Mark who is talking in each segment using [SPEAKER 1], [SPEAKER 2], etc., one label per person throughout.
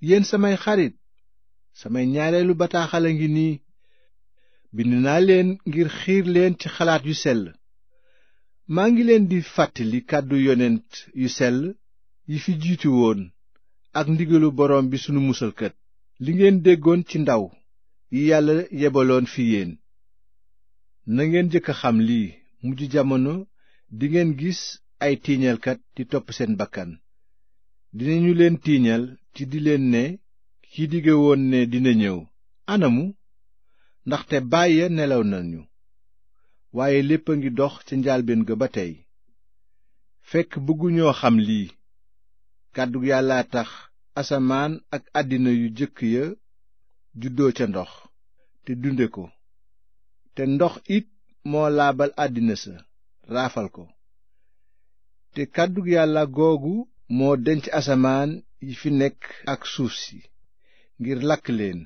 [SPEAKER 1] yéen samay xarit samay ñaareelu bataaxal a ngi nii bind naa leen ngir xiir leen ci xalaat yu sell maa ngi leen di fàttali kàddu yonent yu sell yi fi jiitu woon ak ndigalu boroom bi sunu musalkat li ngeen déggoon ci ndaw yi yàlla yebaloon fi yéen na ngeen jëkk a xam lii mujj jamono dingeen gis ay tiiñalkat di topp seen bakkan dinañu leen tiiñal ci di leen ne ki dige woon ne dina ñëw anamu ndaxte baay ya nelaw ñu waaye lépp a ngi dox ca njaalbeen ga ba tey fekk bëgguñoo xam lii kàddu yàlla tax asamaan ak àddina yu jëkk ya juddoo ca ndox te dunde ko te ndox it moo laabal àddina sa raafal ko te kàddu yàlla googu moo denc asamaan yi fi nekk ak suuf si ngir lakk leen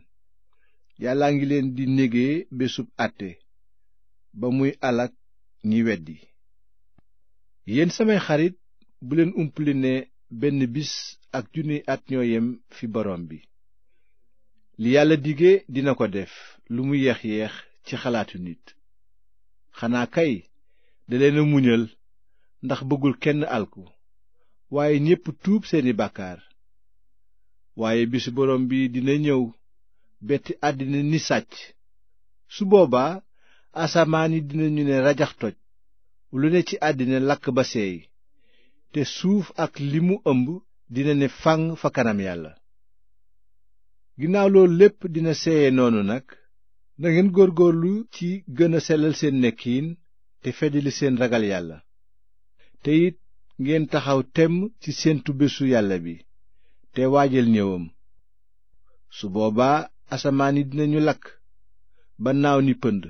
[SPEAKER 1] yàlla ngi leen di négee bésub àtte ba muy alak ñi weddi yéen samay xarit bu leen umpli ne benn bis ak junni at ñoo yem fi borom bi li yàlla dige dina ko def lu mu yeex-yeex ci xalaatu nit xanaa kay da leen a muñal ndax bëggul kenn alku waaye ñépp tuub seeni bàkkaar waaye bisu borom bi dina ñëw betti àddina ni sàcc su boobaa asamaan yi dinañu ne rajax toj lu ne ci àddina lakk ba seey te suuf ak li mu ëmb dina ne fànn fa kanam yàlla ginnaaw loolu lépp dina seeye noonu nag nangeen góorlu ci gën a sellal seen nekkiin te feddali seen ragal yàlla te it ngeen taxaw temm ci séentu bésu yàlla bi te waajal ñëwam su boobaa asamaan yi dinañu lakk ba naaw ni pënd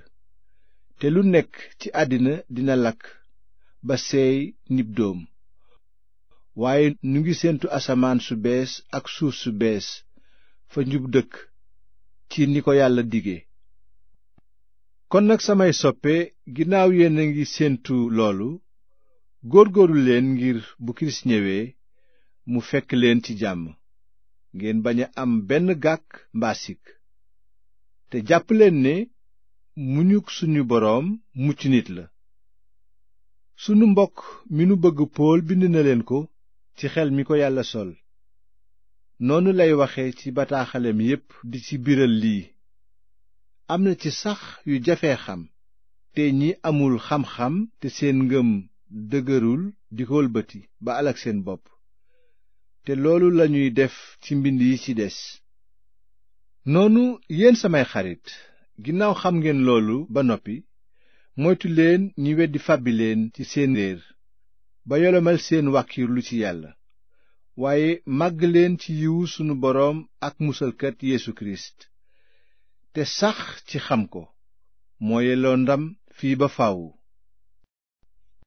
[SPEAKER 1] te lu nekk ci àddina dina lakk ba seey nib doom waaye nu ngi séentu asamaan su bees ak suuf su bees fa njub dëkk ci ni ko yàlla dige kon nag samay soppe ginnaaw yéen a ngi séentu loolu góorgóorlu leen ngir bu kirist ñëwee mu fekk leen ci jàmm ngeen bañ a am benn gàkk mbaa te jàpp leen ne muñuk suñu boroom mucc nit la sunu mbokk mi nu bëgg pool bind na leen ko ci xel mi ko yàlla sol noonu lay waxe ci bataaxalem yépp di ci biral lii am na ci sax yu jafee xam te ñi amul xam-xam te seen ngëm dëgërul di ko wëlbati ba alag seen bopp te loolu lañuy def ci mbind yi ci des noonu yéen samay xarit ginnaaw xam ngeen loolu ba noppi moytu leen ñi weddi fàbbi leen ci seen réer ba yolomal seen wàkkiirlu ci yàlla waaye màgg leen ci yiwu sunu boroom ak musalkat Yesu Kirist te sax ci xam ko mooyeloo ndam fii ba faw